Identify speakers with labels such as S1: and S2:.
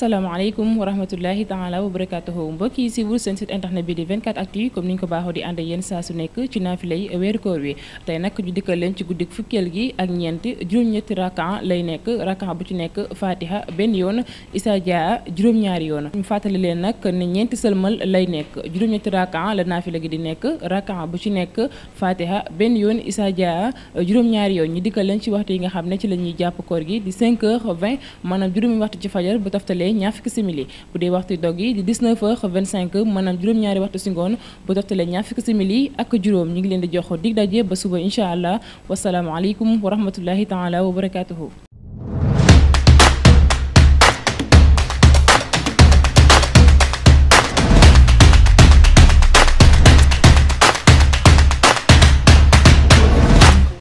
S1: asalaamaaleykum wa rahmatullahi taala wa barakatuhu mbokk yi si wur seen site internet bi di 24 actu comme ni ñu ko baaxoo di ànd ak saa su nekk ci naafilay weeru koor wi tey nag ñu dikkal leen ci guddik fukkeel gi ak ñeent juróom-ñetti rakan lay nekk rakan bu ci nekk fatiha benn yoon isa jaa juróom-ñaari yoon ñu fàttali leen nag ne ñeenti sëlmal lay nekk juróom-ñetti rakan la naafila gi di nekk rakan bu ci nekk fatiha benn yoon isa jaa ñaari yoon ñu dikkal leen ci waxtu yi nga xam ne ci la ñuy jàpp koor gi di 5 heures 20 maanaam juróomi waxtu ci fajar bu taftalee tombé ñaar fukki simili bu dee waxtu dog yi di 19 heures 25 maanaam juróom-ñaari waxtu si ngoon bu toftale ñaar fukki simili ak juróom ñu ngi leen di jox dig daje ba suba incha allah wasalaamualeykum wa rahmatullahi taala wa barakaatuhu